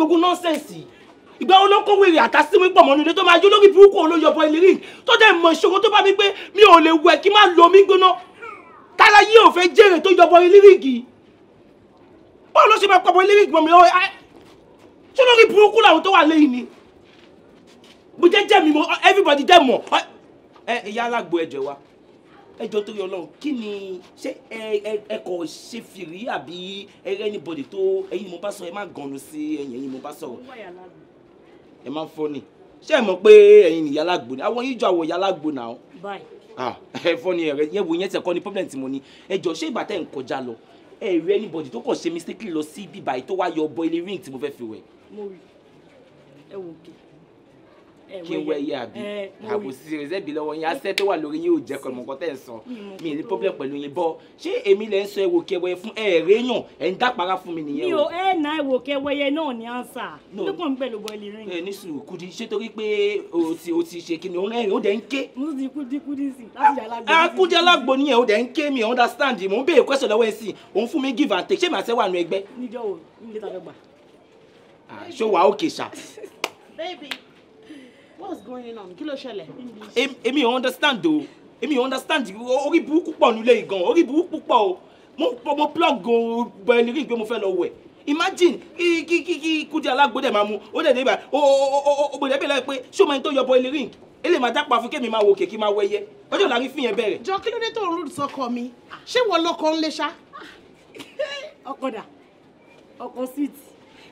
gbogbo nọ́nsẹ̀nsì ìgbà wo ló kó wèrè àtàsíwí pọ̀ mọ́nú ilé tó máa jó lórí burúkú olóyọ̀bọ ìlérí tó jẹ́ ìmọ̀ ìṣòro tó bá mi pé mi ò lè wẹ̀ kí má lo omi gbóná tára yìí ò fẹ́ jèrè tó yọbọ ìlérí yìí báwo ló ṣe máa pọ̀ bọ ìlérí gbọ̀n mi ọ́ ṣé lórí burúkú làwọn tó wà lẹ́yìn ni mo jẹ́ jẹ́ mi mo everybody dẹ́ mọ̀ ẹ ìyá alágbo ẹ̀jẹ̀ wa ẹjọ́ torí ọlọ́run kí ni ṣé ẹ kò ṣe fìrí àbí anybody tó ẹ̀yin ni mo bá sọ ẹ má gànnu sí ẹ̀yin ẹ̀yin ni mo bá sọ̀rọ̀ ẹ má fọ́ ni ṣé ẹ mọ̀ pé ẹ̀yin ni yálàgbò ni àwọn yíjọ àwọ̀ yálàgbò náà. báyìí. ẹ fọ́ ẹ̀rẹ́ yẹn wo yẹn tẹ̀ kọ́ ni problem tí mo ní ẹjọ́ ṣé ìbàtẹ́ ń kọjá lọ ẹ rí anybody tó kàn ṣe mistake lọ sí bíbá yìí tó wá yọ ọbọ ilé ring tí mo fẹ́ fi wẹ̀. mo rí ẹ wò ó Eh, kí n wẹ̀yẹ àbí eh, àbòsí rẹ̀sẹ̀bì lọ́wọ́ yín asẹ́ tó wà lórí yín ò jẹ́ kọ́ ìmọ̀kọ́ tẹ̀ ń mi ní problem pẹ̀lú yín bọ́ ṣé èmi lẹ́ ń sọ ẹ̀wò kẹwẹ́ fún ẹ̀ réyàn ẹ̀ ń dápara fún mi nìyẹn o. mi ò ẹ̀ na ẹ̀wò kẹwẹ́yẹ náà ní ansa lókàn ń pẹ̀lú bọ́ọ̀lì rìn. ẹ ní sùúrù kudi ṣé torí pé o ti o ti ṣe kí ni o rẹ́rìn o dẹ̀ ń ké. mo ti kudi kudi o dẹ̀ ń ké mi understand mo ń béèrè question lọ́wọ́ ẹ̀ òun fún mi give and take ṣé màá sẹ́ wà nù ẹgbẹ́. níjọ́ wo nílé ah, baby what's going on kí ló ṣẹlẹ̀. èmi ò understand o èmi ò understand orí burúkú pọ̀ nílé yìí gan orí burúkú pọ̀ o mo mo plug bọ ẹni rí i pé mo fẹ́ lọ wẹ̀ imagine kí kí kí kí Kúdí Alágbódé máa mu ó o débà ó o o ó gbèdébè láì pé ṣé o máa ń tó yọ bọ ẹni rí i ele ma dapa fún kémi máa wò kèké máa wẹyẹ ọjọ́ la rí fi yẹn bẹ̀rẹ̀. jọ kí ló dé tó ń rúdù sọkọ mi ṣé wọn lọkọ ń lé ṣá. ọkọ dà ọkọ sweet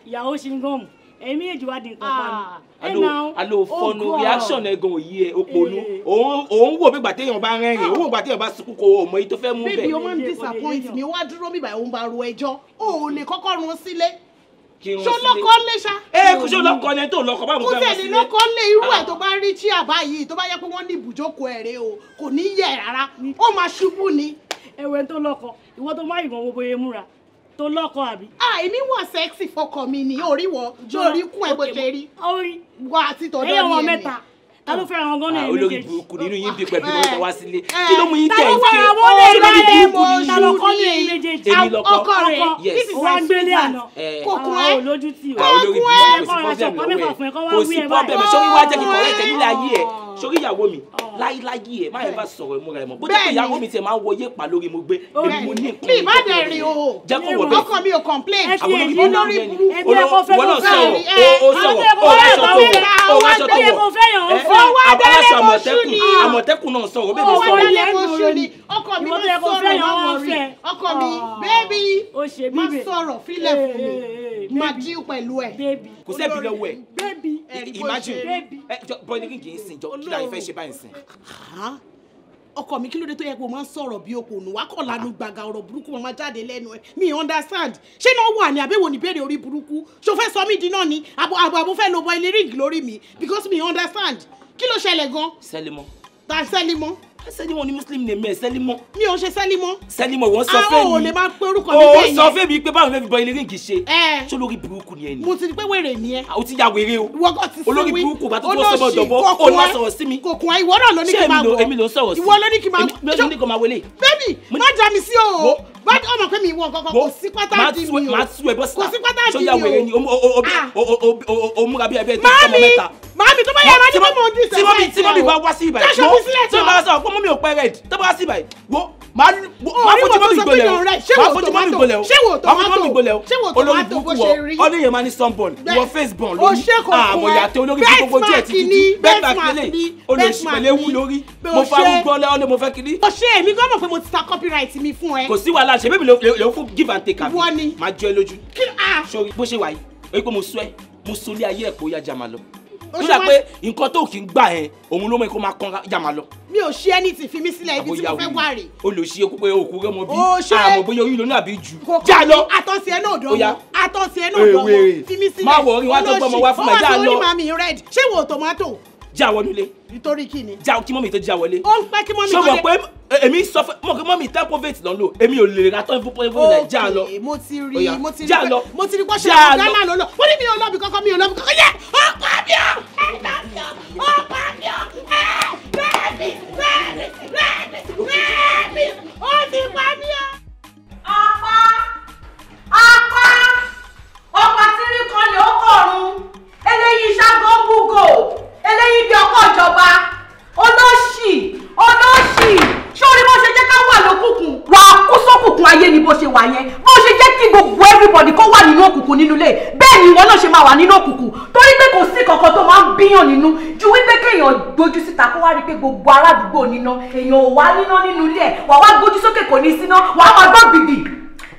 ìyàwó ṣe ń gọ́ọ̀mù èmi èjì wá di nǹkan pàmò. Ah. alo alo oh fọnu reaction ẹgan òyì ẹ eh. òpònú òun wò bí gbàtẹ́ yẹn bá rẹ́rìn ah. òun wò gbàtẹ́ yẹn bá sunkún kó ọmọ yìí tó fẹ́ mú bẹ́ẹ̀. bíbí o máa ń disappoint mi wá dúró bíbá òun bá ro ẹjọ́ o ò lè kọ́kọ́ run sílé ṣọlọkọ lé ṣá. Eh, ẹ kò ṣọlọkọ ni tó lọkọ báwo fẹ́ mọ sílé. kò tẹ̀lé lọkọ lé irú ẹ̀ ah. tó bá rí chíà báyìí tó bá yẹ pé wọ́n ní ibùjókòó ẹ̀rẹ́ o kò ní yẹ rárá ó máa ṣubú ni. ẹ̀wẹ̀ tó lọkọ ìwọ tó má ìwọ̀n bóyá múra tó lọ́kọ àbí. à ah, èmi wà sẹ́ẹ̀sì fọkọ mi ni orí wọ lórí kún ẹ bó ṣe rí wà àti tọ̀dọ̀ ní ẹ̀mí. ta ló fẹ́ràn ọgán náà ah, ẹ̀mí kejì. olórí burúkú nínú yín bí pẹ̀lú ìwé eh, wá sílé eh, kí ló mú yín tẹ̀ ń ké olórí burúkú ni ta ló kọ́ ní ẹ̀mí méjèèjì. èmi lọkọ ọkọ rẹ yes ó wá ń gbélé àná eh. kò kún ah, ẹ kò kún ẹ kò sí pọ́bẹ̀mù kò sí pọ́bẹ̀mù sọ wíwá jẹ́ kí kọ̀rẹ́ tẹ̀lé ayé ẹ̀ sórí ìyàwó mi oh. láíláyé ẹ má yẹn bá sọ̀rọ̀ ìmúra ẹ mọ́ bó jẹ́ pé ìyàwó mi tiẹ̀ máa ń wọ yépa lórí mo gbé oh, èmi mo ní nǹkan mi má dẹ̀ rìn o jẹ́ kó wọ bẹ́ẹ̀ ọkàn mi ò complain àwọn olórí burúkú olówó náà sọ̀rọ̀ o sọ̀rọ̀ o wá sọ tó wọ o wá sọ tó wọ abalasọ àmọ̀tẹ́kùn àmọ̀tẹ́kùn náà sọ̀rọ̀ bẹ́ẹ̀ mi sọ̀rọ̀ ọkọ mi bẹ́ẹ̀bi ah. oh, má sọ̀rọ̀ fílẹ̀ fún mi eh, eh, eh, má dín pẹ̀lú ẹ̀ kò sẹ́ẹ̀bì lọ́wọ́ ẹ̀ imagine bọ́ọ̀lì kì í sìn jọ kí kí láyé fẹ́ ṣe báyìí sìn. ọkọ mi kí ló dé tó yẹ kó o máa ń sọ̀rọ̀ bí okòònù wá kọ̀ lanu gbàgà ọ̀rọ̀ burúkú máa jáde lẹ́nu ẹ̀ mi understand ṣé náà wà ní àbẹ̀wò ní bèrè orí burúkú ṣo fẹ́ sọ mí di náà ni àbò àbò àbò fẹ́ lo bọ ilé ríǹgì lórí mi because mi understand kí ló ṣẹlẹ̀ gan. sẹ́límọ́. ta sẹ́límọ́ sẹ́límọ̀ ní muslim name ẹ̀ sẹ́límọ̀. mi ò ṣe sẹ́límọ̀. sẹ́límọ̀ ìwọ sọ fẹ́ mi. àwọn ò lè máa pe orúkọ mi bẹ́ẹ̀ yẹn. o sọ fẹ́ mi pé báwo fẹ́ fi bọ ilé ríǹkì ṣe. ṣé olórí burúkú ni ẹ ní. mo ti di pé wèrè ni ẹ. o ti ya wèrè o. ìwọ kò ti sinwi olórí burúkú bá tó tó sọmọ dọ̀bọ o lọ sọ̀rọ̀ sí mi. kòkùn ìwọ náà ló ní kí n máa wọ. èmi ló ń sọ̀rọ̀ sí. ìwọ ló ní kí n máa wọ. mi ò ní kí n máa wọlé. bẹ́ẹ̀ni má já mi sí o wọ́n ọmọ pé mi wọ kankan kò sí pátá di mi o kò sí pátá di mi o. sọ́jà wèrè ni o ah. múra bí ẹbí ẹ ti sọmọ mẹ́ta màámi tó bá yẹ ẹ̀rọ ajé mọ́ dis ẹ̀fẹ́ tí mọ́mí bá wá sí ibà yìí wo tí mo bá sọ pé mọ́mí ò pẹ́ rẹ̀ tó bá wá sí ibà yìí wo máa fojú mọ́mí gbolẹ̀ o máa fojú mọ́mí gbolẹ̀ o máa fojú mọ́mí gbolẹ̀ o olórí burúkú wọ ọdún yẹn máa ní sunburn wọ faceburn lórí àmọ̀ yàtọ̀ olórí burúkú ojú ẹ̀ títí bẹ́ẹ̀ bá kílẹ̀ olùsìpẹ̀lẹ̀ wú lórí mo fa arúgbó lẹ́wọ́ ni mo fẹ́ kiri. o ṣe èmi gan mọ̀ pé mo ti ta copyright mi fún ẹ. kò sí wàhálà ṣe bébí lè fún give and take àbí máa jọ ẹ lójú. sori bó ṣe wà yìí o yẹ kó mo sọ ẹ mo sọ ilé ayé ẹ kó yá jà máa lọ nígbà pé nǹkan tó kì í gbà ẹ òun ló mọ kó máa kan yà máa lọ. mi ò ṣe ẹni tí fi mí sílẹ̀ ibi tí mo fẹ́ wà rè. o lè pé òkú rẹ mọ bí àmọ́ bóyá oyún ló àbí jù. já lọ àtọ́sí ẹ náà dánwò àtọ́sí ẹ náà dánwò fi mí sílẹ̀. má wọ orí wa tó gbọ́ ọmọ fún mi já lọ. ọmọ tó ní màmí red ṣé wo tomato já wọnú ilé. nítorí kí ni. já kí mọ́mì tó já wọlé. ó ń pẹ́ kí mọ́mì tó lè. sọ ma pé e, èmi sọ fún mọ̀ pé mọ́mì tẹ́pọ̀fẹ̀tì lọ́n lò èmi ò lè ra tọ́jú fún náà já mi ò lọ́bì mi ò lọ́bì mi ò ẹ̀ka mi ò ọ̀pá mi ò rẹ́ẹ̀mì rẹ́ẹ̀mì rẹ́ẹ̀mì rẹ́ẹ̀mì ó ti pa mi ò. ọ̀pá ọ̀pá ọ̀pá tí ní kan eléyìí bí ọkọ ìjọba olóṣì olóṣì sórí bó ṣe jẹ́ ká wà lókùnkùn. wà á kú sókùnkùn ayé ni bó ṣe wà yẹn bó ṣe jẹ́ kí gbogbo everybody kó wà nínú òkùnkùn nínú ilé bẹ́ẹ̀ ni ìwọ náà ṣe máa wà nínú òkùnkùn torí pé kò sí kankan tó máa ń bíyàn nínú ju wípé kéèyàn gbójú síta kó wá rí pé gbogbo aládùúgbò níná èèyàn ò wá níná nínú ilé ẹ̀ wà wá gbójú sókè kò ní síná wà á máa gbọ́ bìbì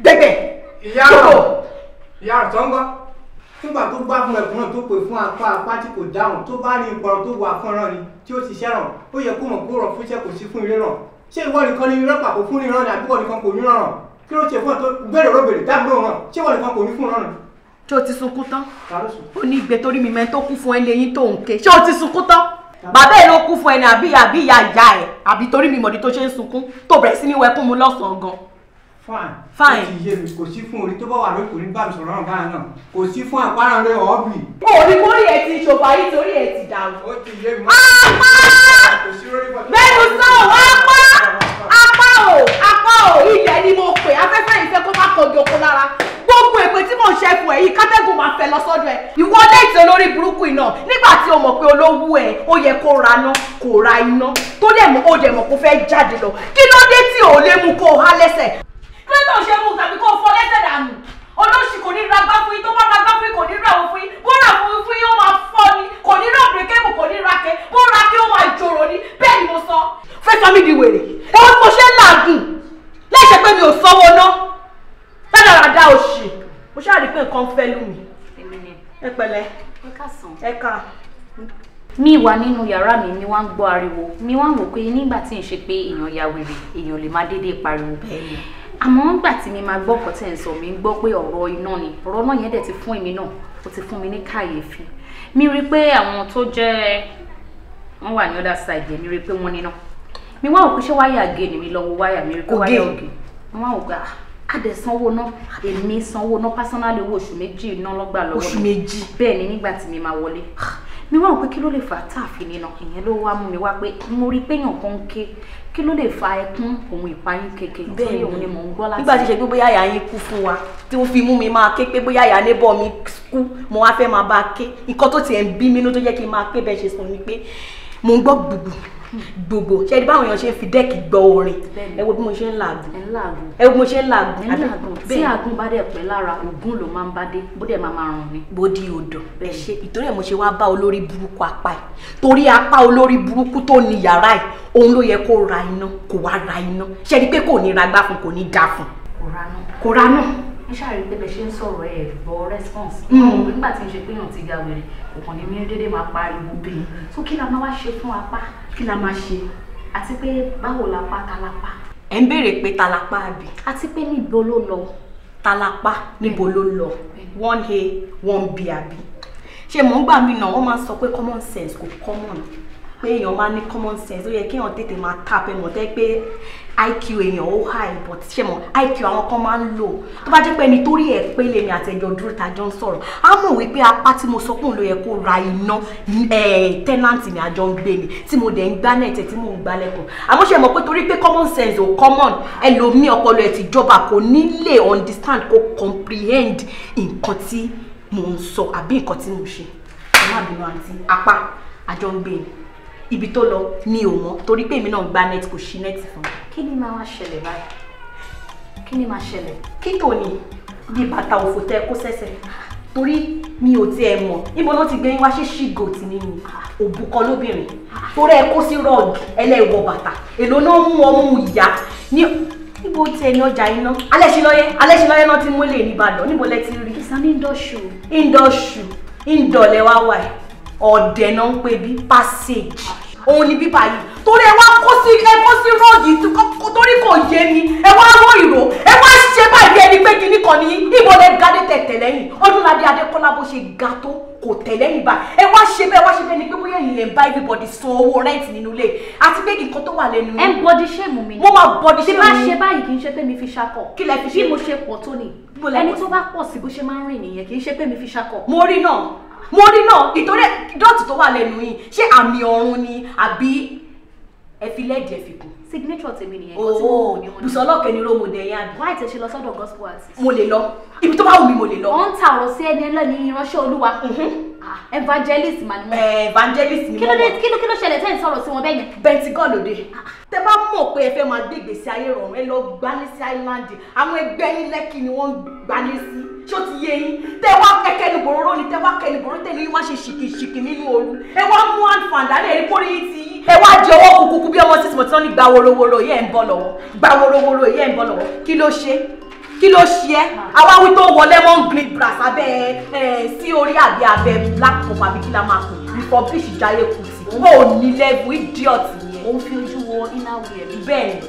dẹ̀gbẹ̀. ìyá rẹ̀ ìyá rẹ̀ tó ń gbọ́ nígbà tó gbá fún ẹ̀kúnrán tó pè fún apá apá tí kò dáhùn tó bá rí ìpọ̀rọ̀ tó wà fọ́nrán ni tí ó ti ṣẹ́ràn ó yẹ kó mọ̀ kó rọ̀ fún kò sí fún ìrẹ́ràn ṣé ìwọ nìkan ní irọ́ pàpọ̀ fún ìran ni àbúkọ̀ nìkan kò ní ràn kí ló ṣe fún ọ tó gbèrò rògbèrè dáàbò ràn ṣé ìwọ nìkan kò ní fún ràn ṣé o ti sunkún tán ó ní igbe torí mi mẹ́ni tó kú fún ẹlẹ́yìn tó ń ké ṣé o ti sunkún tán bàbá ẹ ló kú fún ẹni àbí àbí ìyá ìyá ẹ àbí torí mi mọ̀dí tó ṣe ń sunkún tó bẹ̀rẹ̀ sí ní wẹkún mu lọ́sàn-án gan fine. fine. ó ti yé kò sí fún orí tó bá wà lóko ní bá sọ̀rọ̀ náà náà kò sí fún àpárá rẹ ọ̀ọ́bì. orí mórí ẹ ti ṣòfò ayé torí ẹ ti dàrú. ó ti yé mi. apá mẹ́nu sọ apá apá o apá o ilẹ̀ ni mo pè afẹ́fẹ́ ìfẹ́ kó má kọjú oko lára gbogbo èpè tí mò ń ṣe fún ẹ yìí kátẹ́gùn máa fẹ́ lọ́sọ́dọ̀ ẹ ìwọ déètì olórí burúkú iná nígbà tí o mọ̀ pé olówó ẹ ó yẹ kó ra iná kó ra iná tó dẹ̀ mọ̀ ó dẹ̀ mọ̀ kó fẹ́ jáde lọ kí ló dé tí ò lè mú kó o há lẹ́sẹ̀ kílódé ò ṣe mú tàbí kó fọ lẹ́sẹ̀ dànù olóṣì kò ní ra gbá fún yín tó bá ra gbá fún yín kò ní ra òun fún yín bó ra fún fún yín ó máa fọ́ ni kò ní ra òbí kébù kò ní ra kẹ bó ra kí ó máa jòrò ni bẹ́ẹ̀ ni mo sọ. fẹ́ sọ mi di wèrè ẹ̀wọ́n tí mo ṣe ń làágùn láìṣẹ́ pé mi ò sanwó ná ládàradà òṣì mo ṣáà rí pé nǹkan fẹ́ lù mí. ẹ pẹ̀lẹ́ ẹ kà mi wà nínú yàrá mi mi wá ń gbọ́ ariwo mi wá ń wò pé nígbà tí n ṣe pé èèyàn ya wèrè èèyàn lè má déédéé pariwo bẹ́ẹ̀ àmọ́ nígbà tí mi máa gbọ́ ọ̀pọ̀ tẹ̀ ń sọ mi gbọ́ pé ọ̀rọ̀ iná ni ọ̀rọ̀ náà yẹn dẹ̀ ti fún èmi náà ó ti fún mi ní kàyéfì mi rí i pé àwọn tó jẹ́ wọ́n wà ní ọ̀dà side mi rí i pé wọ́n níná mi wá òkú ṣé wáyà gé ni mi lọ́wọ́ wáyà mi rí i pé wáyà ògè mi wá òkú à àdẹ sanwó náà èmi sanwó náà pásánálì owó oṣù méjì náà lọ́gbà lọ́wọ́ oṣù méjì bẹ́ẹ̀ ni nígbà tí mi máa wọlé ah, mi wá wò pé kí ló lè fà á nínà ìyẹn ló wá mú mi wá pé mo rí péyàn kan ń ké kí ló lè fa ẹkún òun ìpayín kéke bẹ́ẹ̀ òun ni mò ń gbọ́ láti. nígbà tí ṣe pé bóyá àyà yín kú fún wa tí ó fi mú mi máa ké pé bóyá àyà níbọ̀ mi kú mo wá fẹ́ máa bá a ké nǹkan tó tiẹ̀ ń bí mi nínú tó jẹ́ kí n máa ké bẹ́ẹ̀ ṣe sọ ni pé mò ń gbọ́ gbùgbù gbogbo ṣe ẹni báwọn èèyàn ṣe fi dẹ́ẹ̀kì gbọ́ orin ẹ wo bí mo ṣe ń làágùn ẹ wo bí mo ṣe ń làágùn ẹ ń làágùn tí àgùn bá dẹ̀ pẹ́ lára ògùn ló máa ń bá dé bó dẹ̀ máa máa rùn ni. bódi odò ẹ ṣe ìtorí ẹ mo ṣe wáá bá olórí burúkú apá ẹ torí apá olórí burúkú tó ní yàrá ẹ òun ló yẹ kó ra iná kó wá ra iná ṣe ẹni pé kò ní ra gbá fún kò ní dá fún kò ra náà n ṣàrí pé bẹ́ẹ̀ ṣe ń sọ̀rọ̀ ẹ̀ gbọ́ response ọmọ mm. nígbà tí n ṣe pé yàn ti ga wèrè òkàn ní mímú dédé máa pariwo bẹ́ẹ̀ mm. so kí la máa wá ṣe fún apá kí la máa ṣe àti pé báwo la pa talapa. ẹ ń béèrè pé talapa àbí. àti pé níbo ló lọ. talapa níbo ló lọ one a one b àbí. ṣé mò ń gbà mí náà wọ́n máa sọ pé common sense kò common pé èèyàn máa ní common sense ó yẹ kí èèyàn tètè máa tap ẹ̀ mọ̀ tẹ́ pé iq èèyàn ó high but ṣe mọ̀ iq àwọn kan máa ń lò tó bá jẹ́ pé ẹni torí ẹ̀ pé lèmi àtẹ̀jọ́ dúró ta jọ ń sọ̀rọ̀ á mọ̀ wípé apá tí mo sọ pé òun ló yẹ kó ra iná tẹ́nàntì mi àjọ ń gbé ni tí mo dẹ̀ ń gbá nẹ̀tẹ̀ tí mò ń gbá lẹ́kọ̀ọ́ àmọ́ ṣe mọ̀ pé torí pé common sense ò common ẹlòmíì ọpọlọ ẹ̀ ti jọba kò ní lè understand kò comprehend nǹkan tí mò ń sọ àbí nǹkan tí mo ṣe ẹ má bínú àǹtí apá àjọ ń gbé ni ibi tó lọ ni ò mọ torí pé èmi náà ń gba net kò ṣí net fún mi. kí ni máa wá ṣẹlẹ̀ báyìí kí ni máa ṣẹlẹ̀. kí tòní bí bàtà òfò tẹ kó sẹ́sẹ̀ torí mi ò tiẹ̀ mọ̀ níbo ló ti gbé yín wá ṣe ṣì gòtì nínú òbúkọ lóbìnrin torí ẹ kó sí rọ́ọ̀dù ẹlẹ́wọ̀ bàtà èlò náà mú ọmú ìyá ní níbo tí ẹni ọjà iná alẹ́sìlọ́yẹ́ alẹ́sìlọ́yẹ́ náà ti mú lè ní Ìbàdàn níbo lẹ ti rí. ìsàn ní ndọ́ṣù. ndọ́ṣù ndọ̀lẹ́ wá wà ọ̀dẹ̀ náà ń pè bí passage òun ni bíbá yìí torí ẹ wá kó sí ẹ kó sí rọ́ọ̀dì torí kò yé mi ẹ wá rọ ìró ẹ wá ṣe báyìí ẹni pé kínní kan nìyí ìbò lẹ gádé tẹ̀tẹ̀ lẹ́yìn ọdúnladé adékọ́lá bó ṣe ga tó kò tẹ̀lé yìí bá ẹ wá ṣe bẹ́ẹ̀ wá ṣe bẹ́ẹ̀ ni pé bóyá ilẹ̀ ń bá everybody san owó rent nínú ilé àti pé nǹkan tó wà lẹ́nu. ẹ ń bọdí ṣéèmù mi. mo máa bọdí ṣéèmù mi. bí bá ṣe báyìí kì í ṣe pé mi fi ṣakọ. kí lẹ fi ṣe. bí mo ṣe pọ̀ tó ni. ẹni tó bá pọ̀ sí bó ṣe máa ń rìn nìyẹn kì í ṣe pé mi fi ṣakọ. mo rí náà mo rí náà ìtòrí dọ́ọ̀tì tó wà lẹ́nu yìí ṣé àmì ọ̀run ni àbí ẹ fi lẹ́ẹ̀dì ẹ fi kù signature tèmi nìyẹn kó tí mo oh, ní wọn. bùsọ̀ ọlọ́kẹ́ ni rómo dẹ̀ yá. wáyé tẹ ṣe lọ sọ́dọ̀ gospel artist. mo lè lọ ibi tó bá wù mí mo lè lọ. wọ́n ń ta ọ̀rọ̀ sí ẹni ẹlẹ́ni ìránṣẹ́ olúwa. Mhm. Ah, evangelist mà ni wọ́n. Eh, evangelist ni wọ́n wọ́n. kí ló kí ló ṣẹlẹ̀ tẹ́ ń sọ̀rọ̀ sí wọn bẹ́ẹ̀ yẹn. bẹntigọ́ọ̀lù òde ah, ah. tẹ bá mọ̀ pé ẹ fẹ́ máa gbé ìgbésí ayé rọrùn ẹ lọ gbá ní sí island àwọn ẹgbẹ́ yín lẹ́kì ni wọ́n gbá ní sí ṣó ti yé yín tẹ wá kẹkẹ ní bòróró ni tẹ wá kẹ ní bòróró tẹ ní wá ṣe ṣìkìṣìkì nínú ooru ẹ wá mú àǹfààní àlẹ́ ẹ kórìí ti ẹ wá di ọwọ́ kúkúkú bí ọmọ sísìmọ̀ tí wọ́n ní gba worowóró yẹ́ ẹ̀ ń bọ́ lọ́wọ́ gba worowóró yẹ́ ẹ̀ ń bọ́ lọ́wọ́ kí ló ṣe kí ló ṣe ẹ́ àwa wí tó wọ lemon green grass abẹ́ ẹ sí orí àbí abẹ́ black pop àbí kí la máa pè republic jayé kùtì ó ní lẹ́bù idiot yẹn. ó fi ojú wo iná wù ẹ̀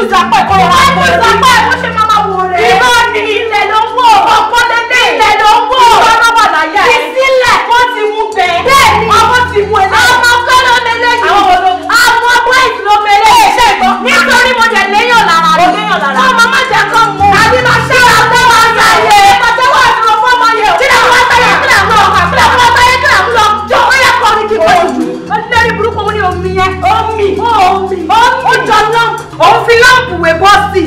kù sápẹ́ kó lọ wá. wọ́n ìwé bọ́ọ̀sì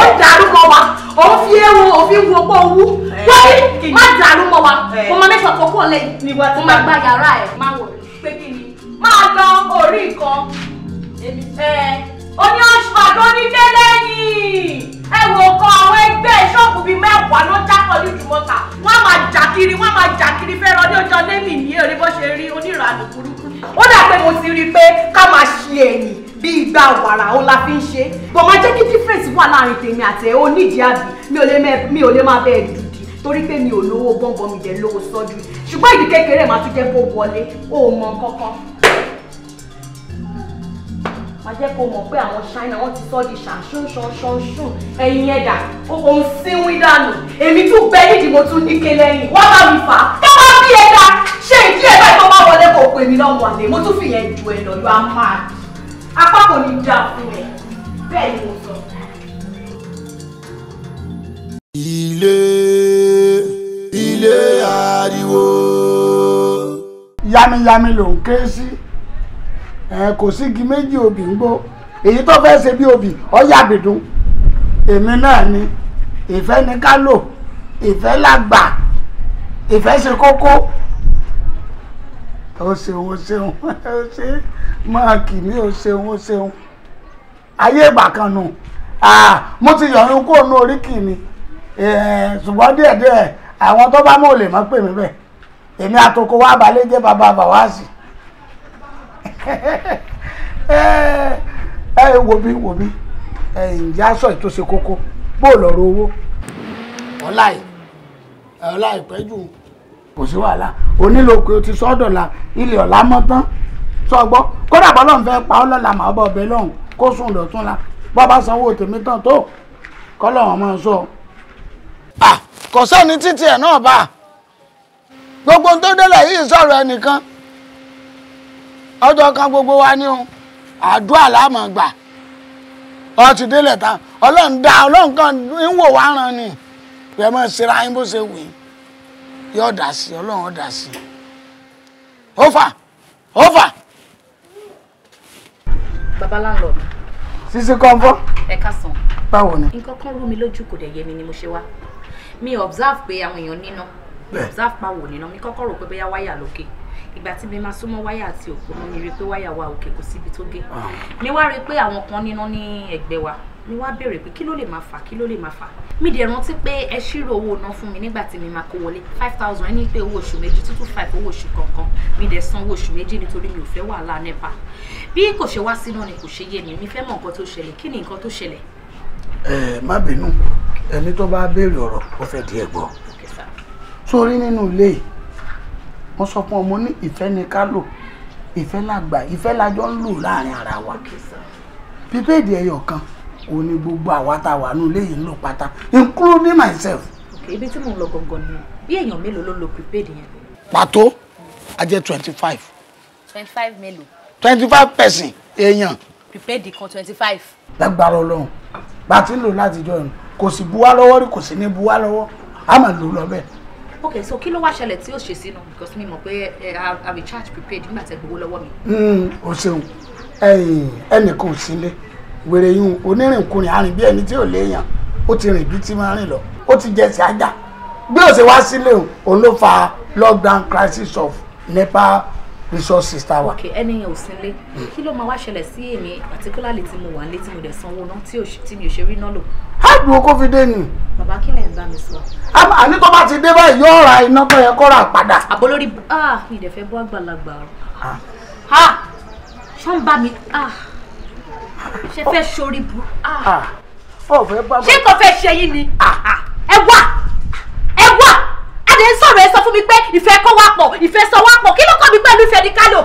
ó ń darúgbọ wa ó ń fi ewu òfin wo pọ̀ owó wọ́n ní má darúgbọ wa mo máa mẹ́sàn kó pọ̀ lẹ́yìn mo máa gba yàrá ẹ̀ máa wọ̀ pé kí ni máa lọ orí nǹkan oní ọ̀ṣùpàdé onílé lẹ́yìn ẹ wò kan àwọn ẹgbẹ́ ṣọ́ọ̀bù bíi mẹ́wàá ló jákọ̀ ní jùmọ̀ta wọ́n á máa jà kiri wọ́n á máa jà kiri fẹ́ràn ọdún ọjọ́ lẹ́mìí ní èrè bó ṣe rí onírànú burúkú ó dà pé mo ti rí i pé ká máa ṣe ẹ̀yìn bí igba wàrà ó la fi ń ṣe bọ̀ máa jẹ́ kí difference wà láàrin tèmi àti ẹ̀ ó nídìí àbí mi ò lè máa bẹ́ẹ̀ dùdì torí pé mi ò lówó bọ́ǹbọ̀n mi jẹ́ lówó sọ́jú ṣùgbọ́n ìdí kékeré máa tún jẹ́ kó wọlé ó mọ kọ́kọ́ máa jẹ́ kó mọ̀ pé àwọn China wọ́n ti sọ́ di ṣàṣún ṣanṣanṣun ẹ̀yin ẹ̀dà òun sínwín dànù èmi tún gbẹ nídìí mo tún níke lẹ́yìn wọ́n bá mi fà á tó bá bí ẹ̀dà ṣé ìdí ẹ̀dà tó bá wọlé kò pè mí lọ́mọ àlè mo tún fìyẹn ju ẹ̀ lọ́yọ́ á máa apá kò ní dáa fún ẹ bẹ́ẹ̀ ni mo sọ. ilé ilé ariwo. yamiyami ló ń ké sí kò sí igi méjì obì ń gbó èyí tó fẹ́ ṣe bí obì ọ̀yà àbìdún èmi náà ni ìfẹ́ ni ká lò ìfẹ́ làgbà ìfẹ́ ṣe kókó o ṣeun o ṣeun o ṣe máa kì o ṣeun o ṣeun ayé ìgbà kan nù mo ti yọ̀run kó nu oríkì mi ṣùgbọ́n díẹ̀díẹ̀ àwọn tó bá mọ̀ lè má pè mí bẹ́ẹ̀ èmi àtòkò wa balẹ̀ jẹ́ bàbá bàwáàsì ẹ wo bí wo bí ǹjẹ́ aṣọ ìtòsí kókó bó lọ́rọ̀ owó ọ̀la ẹ̀ ọ̀la kò sí wàhálà onílòkè o ti sọ́dọ̀ la ilé ọ̀la mọ́ tán sọgbọ́ kódà bọ́ lọ́n fẹ́ pa ọ́ lọ́la màá bọ̀ ọbẹ̀ lọ́hùn kó sùn lọ́tún la bọ́ bá sanwó tèmi tán tó kọ́ lọ́wọ́n máa sọ. kò sẹ́ni títí ẹ̀ náà bá gbogbo tó délẹ̀ yìí sọ̀rọ̀ ẹnìkan ọjọ́ kan gbogbo wa ni o àdúrà láàmú gbà ọ ti délẹ̀ tán ọlọ́run dá ọlọ́run kan ń wò wá ràn ni pẹ̀mọ́ síra yín bó ṣe wù yín yóò dà sí ọlọ́run ó dà sí over over. babaláńlọ. sisi kọ́ńbọ́. ẹ ká sàn. báwo ni. nǹkan kan rú mi lójú kò dẹ̀ yé mi ni mo ṣe wá mi observe pé àwọn èèyàn níná observe pàwọ̀ níná mi kọ́kọ́ rò pé bóyá wáyà lókè. Okay ìgbà tí mi máa súnmọ́ wáyà àti òpó mo ní rí pé wáyà wa òkè kò síbi tó gé mi ah. wá rí pé àwọn kan níná ní ẹ̀gbẹ́ wa mi wá béèrè pé kí ló lè máa fà kí ló lè máa fà mi dẹ̀ rántí pé ẹ ṣírò owó ná fún mi nígbà tí mi máa kó wọlé five thousand ẹni pé owó oṣù méjì tútù five owó oṣù kọ̀ọ̀kan mi dẹ̀ san owó oṣù méjì nítorí mi ò fẹ́ wàhálà nípa bí kò ṣe wá sínú ni kò ṣe yé mi mi fẹ́ mọ nǹkan tó ṣẹlẹ̀ kí ni nǹkan tó ṣẹlẹ̀. ẹ má bínú ẹni tó bá béèrè ọ̀rọ̀ ó fẹ́ di ẹ̀gbọ́n sórí nínú ilé yìí mo sọ fún ọmọ ní ìfẹ́ ni ká lò ìfẹ́ làgbà ìfẹ́ lájọ ń lò láàrin ara wa pípéèdì ẹyọ kan òun ni gbogbo àwa tá a wà ní ilé yìí ń lò pátá including myself. ibi tí mò ń lọ gangan ni bí èèyàn mélòó ló lo prepaid yẹn. pàtó a jẹ twenty five. twenty five mélòó. twenty five person èèyàn. prepaid kan twenty five. lágbára Ọlọ́run bá a ti ń lò látijọ́ yìí kò sì buwá lọ́wọ́ rí kò sì ní buwá lọ́wọ́ a máa lò lọ bẹ́ẹ̀. Okay, so kí ló wá ṣẹlẹ̀ tí ó ṣe sínú because mi mọ̀ pé eh, i a charge prepared nígbà tẹ gbowó lọ́wọ́ mi. Hmm, o ṣeun ẹnìkan ò sílé wèrè yìí onírìnkùnrin arìn bí ẹni tí ò léèyàn ó ti rìn bí tí máa rìn lọ ó ti jẹsẹ̀ ajá bí ó ṣe wá sílé òun ló fa lockdown crisis of nepa resources ta wa. ok ẹni yẹn ò sínlé hmm. kí ló máa wá ṣẹlẹ̀ sí èmi particularly tí mo wà nílé tí mo dẹ̀ sanwó náà tí mi ò ṣe rí náà lò àdùn kó fi dé ni. bàbá kí lè ń bá mi sọ. àní tó bá ti dé báyìí yóò ra iná tó yẹ kó rà padà. àbólórí ah, ìdẹ̀fẹ́ bọ́ àgbàlagbà ọ̀rọ̀ ah. ṣé ń bá mi ah, ṣe fẹ́ sórí bu ṣé kò fẹ́ ṣe yín ni ẹ wá ẹ wá adé ń sọ̀rọ̀ ẹ sọ fún mi pé ìfẹ́ kó wá pọ̀ ìfẹ́ sọ wá pọ̀ kí ló kọ́ mi pẹ̀lú ìfẹ́ ní kálò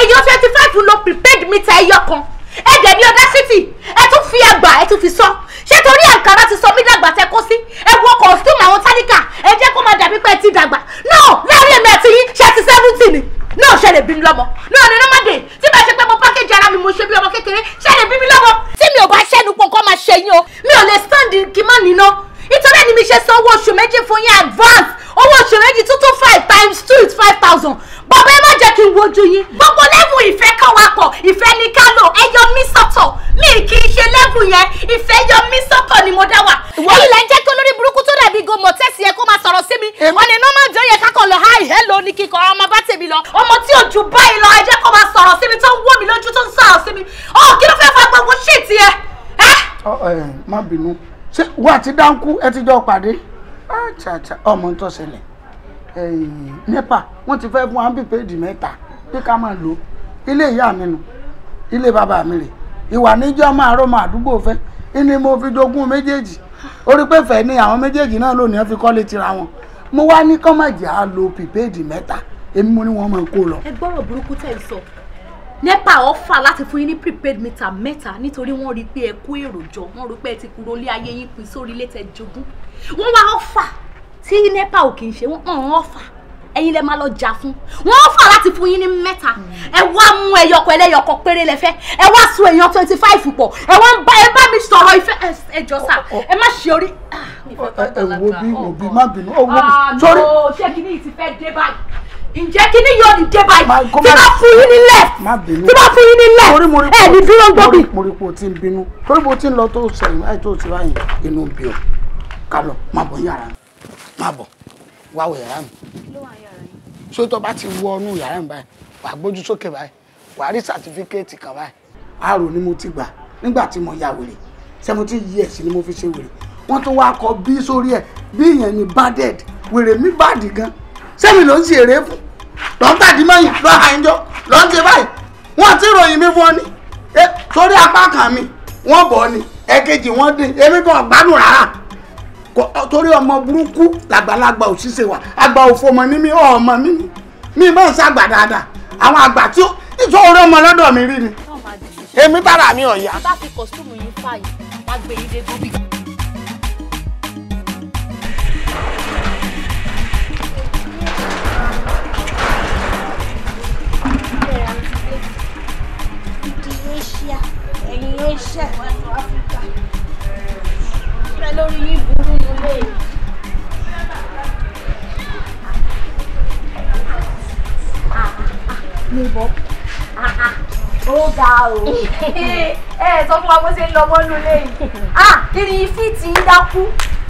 èyí ó twenty five lo prepaid mítà ẹyọ kan ẹ dẹ̀ ní ọ̀dá city ẹ tún fi àgbà ẹ tún fi sọ ṣé torí àǹkárá ti sọ mí dàgbà tẹ kó sí ẹ wọ costume àwọn tálíkà ẹ jẹ́ kó máa dàbí pé ẹ ti dàgbà náà láàrin èmi àti yín ṣe ti seventy ni náà ṣe lè bí mi lọ́mọ náà ni normal day tí bá ṣe pé mo package ara mi mo ṣe bí ọmọ kékeré ṣe lè bí mi lọ́mọ tí mi ò bá ṣẹ́nu pọ̀ nǹkan máa ṣe yín o mi ò lè stand kí n má níná nítorí ẹni mi ṣe san owó oṣù méjì fún yín advance owó oṣù méjì two two five times two is five thousand bàbá ẹ má jẹ́ kí n wojú yín burúkú yẹn ìfẹ́ yọ mí sọ́kàn ni mo dá wà. èyí lẹ ń jẹ́ kí olórí burúkú tó dàbí gomo tẹ̀sí ẹ kó máa sọ̀rọ̀ sí mi. ọ̀nà iná máa ń yẹ kákan lọ háì hello ní kíkọ ọmọ bá tèmi lọ. ọmọ tí òjò báyìí lọ ẹ jẹ́ kó máa sọ̀rọ̀ sí mi tó ń wò mí lójú tó ń sọ̀rọ̀ sí mi. ọ kí ló fẹ́ fa gbogbo ṣètì ẹ. má bínú ṣé wo àti dáńkú ẹ ti jọ pàdé ọmọ ń tọ́sẹ̀lẹ̀ nípa wọ́n ti fẹ́ fún ambi péèdì mẹ́ta pé ká máa lò ilé ìyá mi nù ilé bàbá mi rèé ìwà níjọ́ máa rọ́ máa àdúgbò fẹ́ ni mo fi jogún méjèèjì orí pé fẹ́ ni àwọn méjèèjì náà lónìí wọ́n fi kọ́lé tira wọn mo wá ní kọ́mọ̀jì á lo pìpéèdì mẹ́ta èmi mo ní wọ́n máa kó lọ. ẹ gbọ́rọ̀ burúkú tẹ̀ ń sọ nepa ọ̀fà láti fún yín ní prepaid mítà mẹ́ta nítorí wọ́n rí i pé ẹ kó èrò jọ wọ́n rí i pé ẹ ti kúrò lé ayé yín pin sórí ilé tẹ jogún wọ́n wá ọ̀fà tí nepa ò kì í ṣe wọ́n hàn ọ̀fà ẹ̀yin lẹ máa lọ jà fún wọn fà láti fún yín ní mẹ́ta ẹ wá mú ẹyọkọ ẹlẹyọkọ péré lẹfẹ ẹ wá sun èèyàn twenty five pọ̀ ẹ wá ń bá ẹ bá mi sọ̀rọ̀ ìfẹ́ ẹ jọ sà ẹ má ṣe orí. ẹ ah, wo bí wo bí má bínú ó wo bí ah, sórí. àná ṣé kí ni ìtì fẹ́ dé báyìí ǹjẹ́ kí ni yóò ní dé báyìí tí bá fún yín ní left tí bá fún yín ní left ẹ ní dúró gbóbi. mo rí po tí ń bínú torí mo ti ń lọ tó sẹ̀yìn láì tó ti báyìí inú bí o ká lọ má bọ̀ yàrá má bọ̀ wá wọ yàrá mi. kí ló wà ní yàrá yín. so tó bá ti wọ inú yàrá mi báyìí wàá gbójú sókè báyìí wàá rí sàtífíkẹ́ẹ̀tì kan báyìí. àrò ni mo ti gbà nígbà tí mo ya wèrè seventeen years ni mo fi ṣe wèrè wọ́n tún wá kọ bí sórí ẹ̀ bí ìyẹn ni bàdẹ́d wèrè mi bàdì gan sẹ́mi ló ń ṣe èrè fún lọ́ntàdí mẹ́yìn lọ́ àìjọ lọ́ntì báyìí wọ́n ti ròyìn mi fún ọ ni sórí apá kan mi wọ́n bọ̀ ni ẹ̀kejì wọ́n dín èmi kan gbádùn rárá torí ọmọ burúkú làgbàlagbà òṣìṣẹ́ wa àgbà òfò ọmọ ní mi ọmọ mi ni mi máa ń ṣàgbà dáadáa àwọn àgbà tí ìtọ́ orí ọmọ lọ́dọ̀ mi rí ni èmi bára mi ọ̀yà. bá fi kọ̀sùmù yìí lórí yín burú nílé yìí. níbọ̀ ó ga o ẹ ẹ sọ fún wa bó ṣe ń lọ mọ́nú lẹ́yìn ìrìn fíìtì ń dákú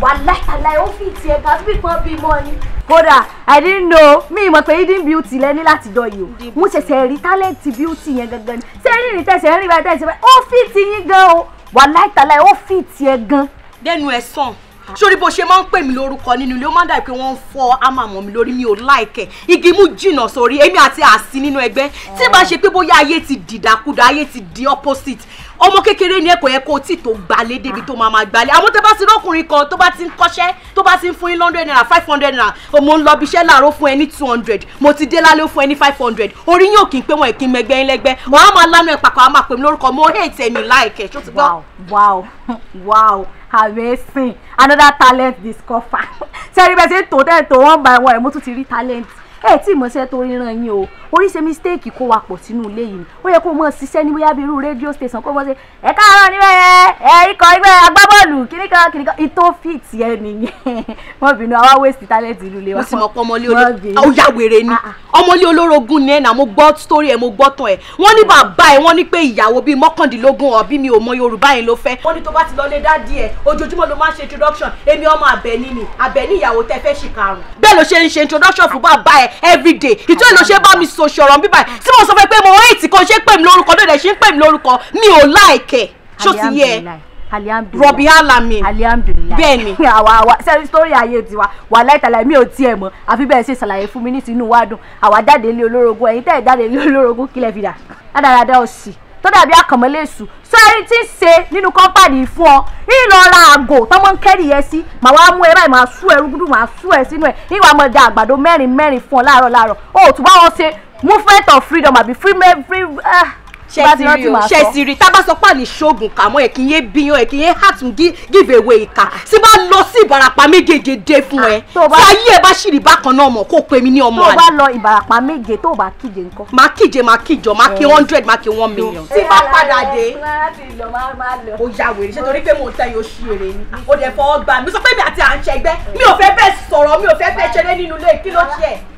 wàláìtàláì ó fíìtì ẹ̀ ká bí kan bímọ ni. kódà i didn't know mi mọ̀ pé hidden beauty lẹ́ni láti jọ yìí o mo ṣẹ̀ṣẹ̀ rí talent beauty yẹn gangan ni ṣé rírìn tẹ̀sẹ̀ rírìn bá tẹ̀sẹ̀ bá ó fíìtì yín gan o wàláìtàláì ó fíìtì ẹ̀ gan bẹ́ẹ̀nu ẹ̀ sórí bó ṣe máa ń pè mí lórúkọ nínú ilé ó máa ń dàbí pé wọ́n ń fọ àmàmọ́ mi lórí mi ò láìkẹ̀ igi mú jìnnà sórí èmi àti àsì nínú ẹgbẹ́ tí bá ṣe pé bóyá ayé ti dìdàkudà ayé ti di opposite ọmọ kékeré ní ẹ̀kọ́ yẹn kó tí tó gbalé débi tó máa máa gbalé àmọ́ tẹ́ bá ti rọ́kùnrin kan tó bá ti ń kọ́ṣẹ́ tó bá ti ń fún yín lọ́ndẹ̀ náírà five hundred naira mo ń lọ ibiṣẹ́ làárọ̀ fún ẹ ní two hundred mo ti dé lálẹ́ fún ẹ ní five hundred orí yóò kí n pé wọn ì kí n mẹgbẹ́ yín lẹ́gbẹ́ wọn á máa lánàá ẹ̀ pàkọ́ á máa lórúkọ mo hate ẹ̀ mi láìkẹ́ ṣó ti gbọ́. wow wow wow amazing another talent discover ṣe rí bẹ́ẹ̀ ṣe ń tò tẹ́ ń tò one by one ẹ̀ mo tún ti rí talent ẹ̀ tí mo ṣe torí ràn yín o oríṣi mistake kó wa pọ̀ sínú ilé yìí ó yẹ kó o mọ̀ ṣiṣẹ́ ní bóyá bí irú rédíò station kó o mọ̀ ṣe ẹ káàárọ̀ níbẹ̀ yẹn ẹ ikọ̀ ẹgbẹ́ agbábọ́ọ̀lù kìnìkan kìnìkan ìtò fit yẹn nìyẹn wọ́n bínú àwa waste talent ìlú ilé wa. mo sì mọ̀ pé ọmọlé ah, ah. olórogún ni ọmọlé olórogún ni ẹ̀ náà mo gbọ́ story ẹ̀ mo gbọ́ tán ẹ̀ wọ́n ní bàbá ẹ̀ wọ́n ní pé ìyàwó bíi mọ́kàndínlógún ọ̀bí mi ò mọ yorùbá yẹn ló fẹ́. wọ́n ní tó bá ti lọ dádì ẹ̀ ojoojúmọ́ ló máa ń ṣe introduction èmi ọmọ àbẹ̀ní ni àbẹ̀ní ìyàwó tẹ fẹ́ ṣìkàrùn. bẹ́ẹ̀ ló ṣe ń ṣe introduction fún bàbá ẹ̀ everyday ìtọ́ ìlọ́ṣẹ́ bá mi sọ tó ṣe ọ̀rọ̀ bíbá tí mo sọ fẹ́ pé mo hate kan ṣe pè mí lórúkọ lóde ṣe ń pè mí lórúkọ mi ò láìkẹ̀ ṣó ti yẹ rọbì alamin bẹ́ẹ̀ni. àwa àwa sẹ́ni sórí ayé tiwa wàhálà ìtàlá mi ò tiẹ̀ mọ̀ àfi bẹ́ẹ̀ ṣe ṣàlàyé fún mi ní tinú wádùn àwa jáde ilé olórogún ẹ̀yin tẹ́ ẹ̀ jáde ilé olórogún kílẹ̀ fìdá ládàradà òsì tó dàbí àkànmọ́lẹ́sù sọ ẹni tí ń ṣe nínú kọ́ńpàdì fún ọ ìlọ ra àgò tọmọ ń kẹ́rì yẹn sí màá wá mú ẹ báyìí màá sú ẹ rúgúdù màá sú ẹ sínú ẹ ìwà ọmọdé àgbàdo mẹ́rin mẹ́rin fún ọ láàárọ̀ láàárọ̀ o ò ṣe movement of freedom àbí free men free. Ah, ṣe ti rí o ṣe ti rí tá a bá sọ pé àlè ṣoògùn kà mọ́ ẹ̀ kì í yé bíyan ẹ̀ kì í yé hàtún give away ìka tí bá lọ sí ìbarapá méjèèjì dé fún ẹ ah, tí ayé ẹ bá ṣì rí bákan náà mọ̀ kó pe mi ní ọmọ àlè. tó o bá lọ ìbarapá méje tó o bá kíje nǹkan. máa kíje máa kíjọ máa kí hundred máa kí one million. tí bá padà dé o ya wèrè ṣe torí pé mo tẹ yóò ṣí èrè ni o dẹ̀ fọwọ́ gbà mí sọ pé mi àti à ń ṣẹgbẹ́ mi ò fẹ́ bẹ́ẹ̀ sọ̀rọ̀ mi ò fẹ́ bẹ́ẹ̀ ṣeré nínú ilé kí ló ṣe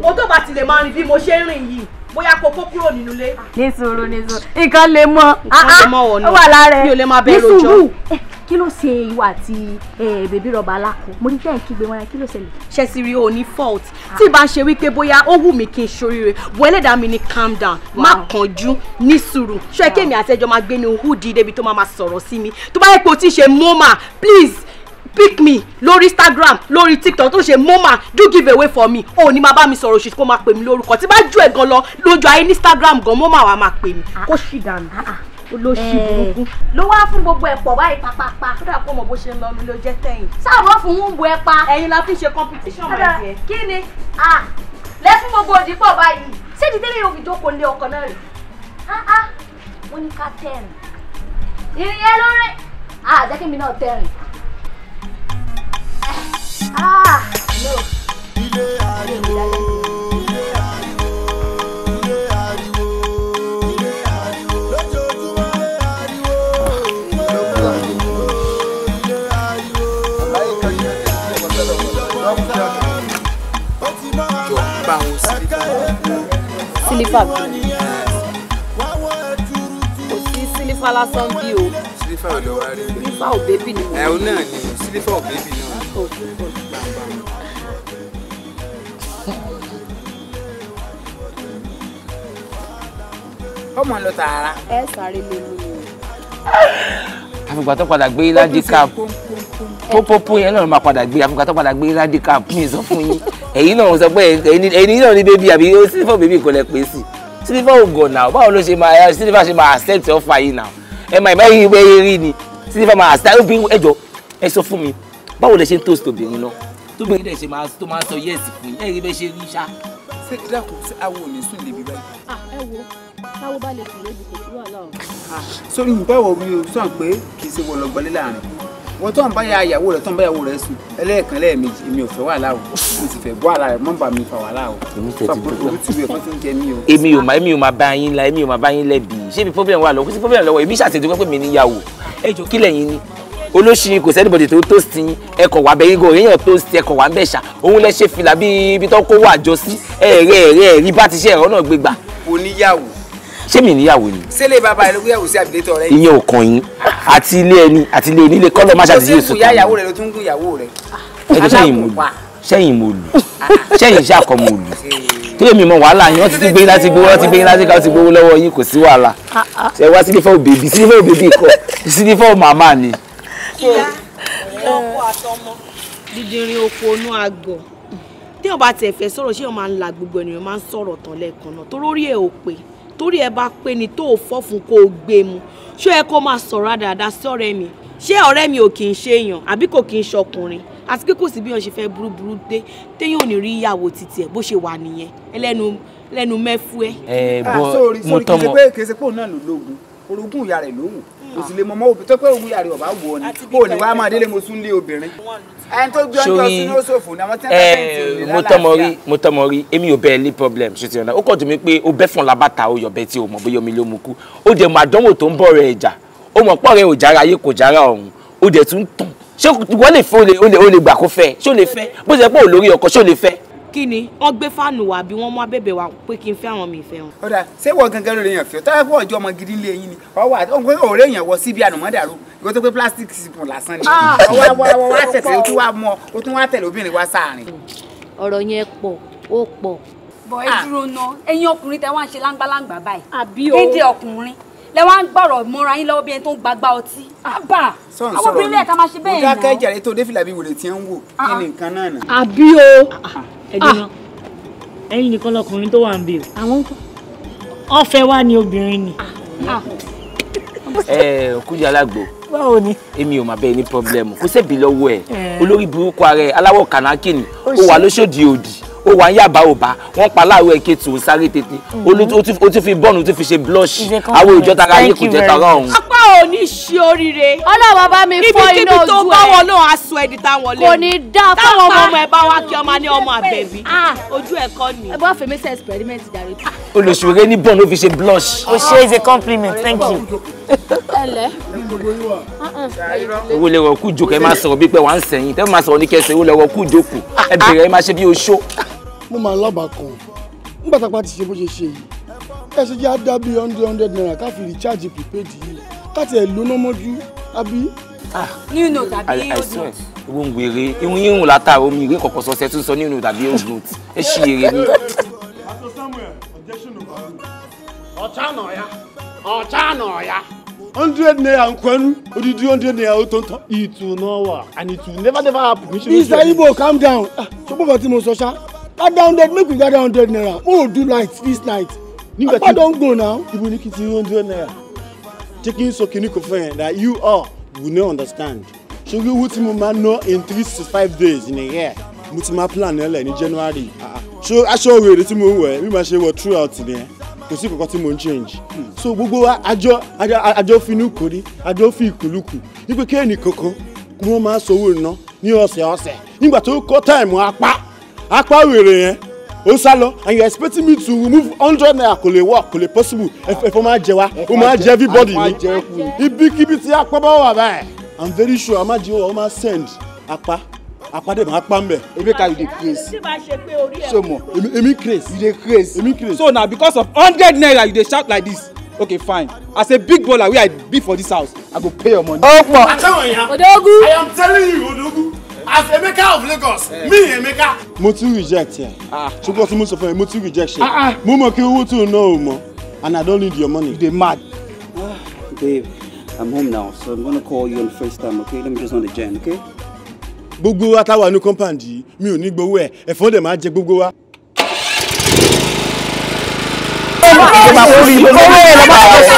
mo tó bá ti lè máa rìn bí mo ṣe ń rìn yìí bóyá kókó kúrò nínú ilé. ní sùúrù ní sùúrù nǹkan lè mọ ah, ah. ó wà lára ẹ ní sùúrù eh, kí ló ṣe ìwà àti eh, bèbí rọba aláko mo ní tẹ́ ẹ̀ kígbe wọn kí ló ṣẹlẹ̀. ṣẹ́sìrì ò ní fault ah. tí ìbá ń ṣe wípé bóyá ó wù mí kí n ṣoríire wọ ẹlẹ́dàá mi ní calm down má kánjú ní sùúrù ṣọ́ ẹ kémi àtẹ́jọ́ máa gbé ní húdì débi tó máa máa sọ̀rọ̀ sí mi tó bá yẹ pé o ti ṣe mọ́mà please pick me lórí instagram lórí tiktok tó ṣe moma do give away for me ò ni máa bá mi sọ̀rọ̀ òṣìṣẹ́ kó máa pè mí lórúkọ tí bá ju ẹ̀ gan lọ lójú ayé instagram gan moma wa máa pè mí kó ṣì dànù ah, ah. olóṣì eh. burúkú. ló wá fún gbogbo ẹ̀ pọ̀ báyìí pàpàpà kódà kó mọ̀ bó ṣe lọ mi ló jẹ́ tẹ̀yìn. sáwọn fún un bu ẹpa. ẹ̀yin la fi ṣe competition my dear. kí ni lẹ́fún gbogbo òdì pọ̀ báyìí ṣé ti tẹ́lẹ̀ yóò fi jókòó lé ọkọ̀ náà rè. wọ́n ní ká tẹ̀rìn. ìrìn yẹn ló rẹ̀ àjẹ́kí mi náà tẹ̀rìn sílífà bí kò sí sílífà o sílífà ò lọ wá rí sílífà ni mo rí ẹ̀ ò náà ni sílífà ò bébì náà. ọmọ lọ tààrà. ẹ sáré lè mú mi. àfìgbà tó padà gbé ládìkà pópópó yẹn náà máa padà gbé àfìgbà tó padà gbé ládìkà mi sọ fún yín ẹ̀yin náà sọ pé ẹ̀yin náà ní bébí àbí ó sílífọ̀ bébí kò lè pè sí sílífọ̀ ògùn náà báwo ló ṣe máa sílífọ̀ ṣe máa accept ọ̀fà yìí náà ẹ máa ìmọ̀ yìí wẹ́ rí ni sílífọ̀ máa accept obìnrin ẹjọ́ ẹ sọ fún mi báwo lè ṣe ń toast obìnrin náà tóbìnrin dẹ̀ ṣe tó máa sọ yẹ́ẹ̀sì fún yín ẹ̀yin bẹ́ẹ̀ ṣe rí ṣá táwo bá lè kùn lébi kò sí wàhálà o. Ah, sórí mi báwo mi ò sàn pé kì í ṣe wọ̀ lọ́gbọ́lé láàrin wọ́n tó ń bá yàwó rẹ̀ tó ń bá yàwó rẹ̀ sùn ẹlẹ́ẹ̀kan lẹ́ẹ̀mejì èmi ò fẹ́ wàhálà o mo sì fẹ́ bọ́ ara rẹ̀ mọ́ bá mi fà wàhálà o. èmi tẹ̀ ti dùn náà èmi ò máa èmi ò máa bá yín la èmi ò máa bá yín lẹ́bi ṣé ibi problem wà lọ kó sí problem lọ́wọ́ èmi ṣàtẹ̀jọ́ pé mi ní yàwó ẹjọ́ kí lẹ́yìn ni olóṣì kò sẹ́nìbọ̀dì tó toast yín ẹkọ̀ wà bẹ́ẹ̀ gò èèyàn toast ẹkọ̀ wà ń bẹ̀ ṣá òun lẹ ṣe fìlà bí ibi tó kó wà jọ sí ẹ̀rẹ́ ẹ̀rẹ́ ẹ̀rí bá ti ṣe ẹ̀rọ náà gbégbà. oníyàwó ṣé mi níyàwó ni. sẹ́lẹ̀ bàbá rẹ ló gbéyàwó sí àbílẹ̀tọ̀ rẹ. ìyẹn ò kàn yín àti ilé ẹni àti ilé onílé kọ́lọ́ má ṣàtìlẹ́yìn sùn. ìyàwó rẹ ló tún gún ìyàwó rẹ. ẹ jọ sẹ́yìn mo lù sẹ́yìn mo lù sẹ́yìn iṣẹ́ àkọ́ mo lù kílè mi mọ wàhálà yín wọ́n ti gbé láti gbowó wọ́n ti gbé láti ká ti gbowó lọ́wọ́ yín kò sí wàhálà ṣe wá sílé fẹ́ òbèbí sílé fẹ́ òbèbí kọ sílé fẹ́ màmá ni. ìyá ọ̀rẹ́ ọkọ àtọmọ dídìrín oko onú àgọ̀ tí wọn bá tiẹ̀ ṣé wọn máa ń la gbogbo ènìyàn máa ń sọ̀rọ̀ tán lẹ́ẹ̀kan náà torórí ẹ̀ ò pé torí ẹ bá pé ni tó fọ́ fún kó o gbé mu ṣé ẹ kó máa sọ̀rọ̀ dáadáa sí ọ̀rẹ́ mi ṣé ọ̀rẹ́ mi ò kì í ṣe èèyàn àbí kò kì í ṣọkùnrin àti pé kò sí bí wọn ṣe fẹ́ burúburú dé téèyàn ò ní rí ìyàwó títí ẹ̀ bó ṣe wà nìyẹn ẹlẹ́nu lẹ́nu mẹ́fú ẹ. ẹ ah, bọ mo tọmọ kì í ṣe pé òun náà ló lóògùn orogún ìyá rẹ̀ lóhùn o sì lè mọ ọmọ òbí tó pé òwúyà rẹ ọba wù ọ ni o ní wàá máa délé mo sún lé obìnrin ẹni tó gbé ọjọ́ sínú òṣòfò ni àwọn tí wọ́n fẹ́ẹ́ mo tọmọ rí mo tọmọ rí èmi ò bẹ́ẹ̀ ní problem ṣe ti ọ̀nà ó kàn tó mi pé o bẹ́ fún labata o yọ̀bẹ tí o mọ̀ bóyá omi ló mu kú ó jẹ́ mọ àdánwò tó ń bọ̀ rẹ̀ ìjà ó mọ̀ pọ̀ rẹ̀ ò jára ayé kò jára ọ̀run ó dẹ̀ tún tàn ṣé wọ́n o lè gbà kó fẹ́ ṣé o lè fẹ́ bó ṣe pé olórí lè fẹ́ kí ni wọ́n gbé fáànù wá bí wọ́n mú abẹ́bẹ̀ wá pé kí n fẹ́ àwọn mi ìfẹ́ wọn. ọ̀dà ṣé wọ́n gangan lórí èèyàn fẹ́ tọ́lá fún ọjọ́ ọmọ gidi ńlẹ̀ yín ni ọwọ́ àti òun pé òòrè èèyàn wọ síbi ànàmọ́dàrú ìwé tó pé plastic sìnkùn lásán ni ọwọ́ ah, àwọ̀ wá ṣẹ̀ṣẹ̀ ó tún wá mọ́ ó tún wá tẹ̀lé obìnrin wá sáàrin. ọ̀rọ̀ yẹn pọ̀ ó pọ̀. bọ̀ ẹ ah. dúró ná ẹ̀yin ọkùnrin tẹ wá ń ṣe láńgbáláńgbá báyìí. àbí o kéde ọkùnrin lẹ wá ń gbọ́rọ̀ mọ́ra yín lọ́wọ́ bí ẹni tó ń gbagbá ọtí. àbá àwọn obìnrin lẹ́ẹ̀ka máa ṣe bẹ́ẹ̀ náà. mo dákẹ́ jàre tó dé fìlà bí wèrè tí ń wò kí ni ah, nǹkan náà nà. àbí o. Ah. ẹdùnà ẹ̀yin nìkan lọkùnrin tó wà ń bè o. àwọn ń kọ. ọ̀fẹ́ wa ni obìnrin ni. Ah. Ah. ẹ kújà alágbó báwo ni. èmi ò mà bẹ́ẹ̀ ní pọ́blẹ́mù kó sẹ́bi lọ́wọ́ ẹ̀ eh. olórí burúkú ara ẹ̀ aláwọ̀ kànákì ni ó wà lóṣòdì òdì ó wà ń yàbá òbá wọ́n pa láàárọ̀ èké tó sáré tètè mm-hmm. ó ti fi bọ́ọ̀nù tó fi ṣe blush àwọn òjọ́ tara ayé kò jẹ́ tara ọ̀hún. apá ò ní ṣe oríire. ọlọ́wọ́ bá mi fọ́ iná ojú ẹ̀ ibikíbi tó bá wọn náà á sọ ẹni táwọn lé. kò ní dá fáwọn ọmọ ọmọ ẹ bá wá kí ọmọ ní ọmọ àbẹ̀bí ojú ẹ kọ́ ni. ẹ bá fèmí sẹ́ experiment jàre. olùsòrè ní bọ́ọ̀nù fi ṣe blush. o ṣe is a compliment thank you. ẹlẹ. owó lẹ́wọ̀ kú jókòó ẹ máa sọ̀rọ̀ bí pé wà ń sẹ́yìn tẹ́ máa sọ̀rọ̀ ní kẹsàn-án owó lẹ́wọ̀ kú jókòó ẹ bẹ̀rẹ̀ ẹ máa ṣe bí oṣó mo máa lábàá kan nígbà tá ti ṣe bó ṣe ṣe yìí ẹ ṣe jẹ́ á dá bíi hundred hundred naira ká recharge prepaid yìí ká tiẹ̀ lóná mọ́jú àbí. new note àbí old note. ìwọ ń wèrè irun irun látàrí omi ìwé kọ̀ọ̀kan sọ sẹ́tún sọ new note old note ẹ ṣì èrè ni. ọ̀chá nà ọ̀yá ọ̀chá nà ọ̀yá. hundred naira nkwenu odidi hundred naira o tó it will not work and it will never never happen. mr ibo calm down ah, ṣùgbọ́n kan mo sọ ṣá gather hundred make we gather hundred naira mo ò do light this night apá don go now. ibo ní kí n ti hundred naira Taking so kìíní kò fẹ́ that you all will not understand ṣùgbọ́n owó tí mo máa ná in three to five days in a year mo ti máa plan nílẹ̀ ní january ṣó aṣọ òwèrè tí mo ń wẹ̀ bí mo ṣe wọ̀ throughout nìyẹn kò sí kankan tí mo ń change so gbogbo àjọ àjọ finú kórí àjọ fi ìkùlùkù wípé kéènì kankan ni wọ́n máa sọ owó ìná ní ọ̀sẹ̀ ọ̀sẹ̀ nígbà tó kọ́ táìmù apá apá wèrè yẹn ó sá lọ and you expecting me to remove hundred naira kò lè work kò lè possible ẹ̀fọ́ máa jẹ wa ó máa jẹ everybody ni ibikíbi tí apá bá wà báyìí i'm very sure a máa jẹ ọ máa send apá àpàdé màá pa mbẹ. ebi ka you dey craze. so mo emi craze. you dey craze. emi craze. so na because of hundred naira you dey shout like this okay fine as a big baller wey i be for this house i go pay your money. ọ̀pọ̀ odogun. i am telling you Odogu as Emeka of Lagos eh. me Emeka. mo ti reject ẹ ah. ṣùgbọ́n tí mo sọ fún ẹ mo ti rejection ah, ah. mo mọ̀ kí owó tó ń ná o mọ̀ and I don't need your money. you dey mad. babe I'm home now so I'm gonna call you on FaceTime okay let me just on the gen okay. gbogbo wa táwa ní compound yìí mi ò ní gbowó ẹ ẹ̀fọ́ dẹ̀ máa jẹ gbogbo wa. kó máa fún mi lọ́wọ́ ẹ̀ lọ́wọ́ ẹ̀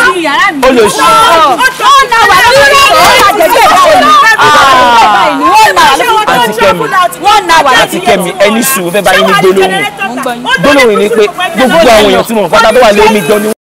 ó lè ṣe. ó na wà lórí ọ̀rọ̀ àjẹjẹ́ ìwọ̀n àti kẹ́mi ẹni sùn fẹ́ bá yín ní gbólóhùn gbólóhùn ni pé gbogbo àwọn èèyàn tí mo fọ́n tó wà lé mi gan ni.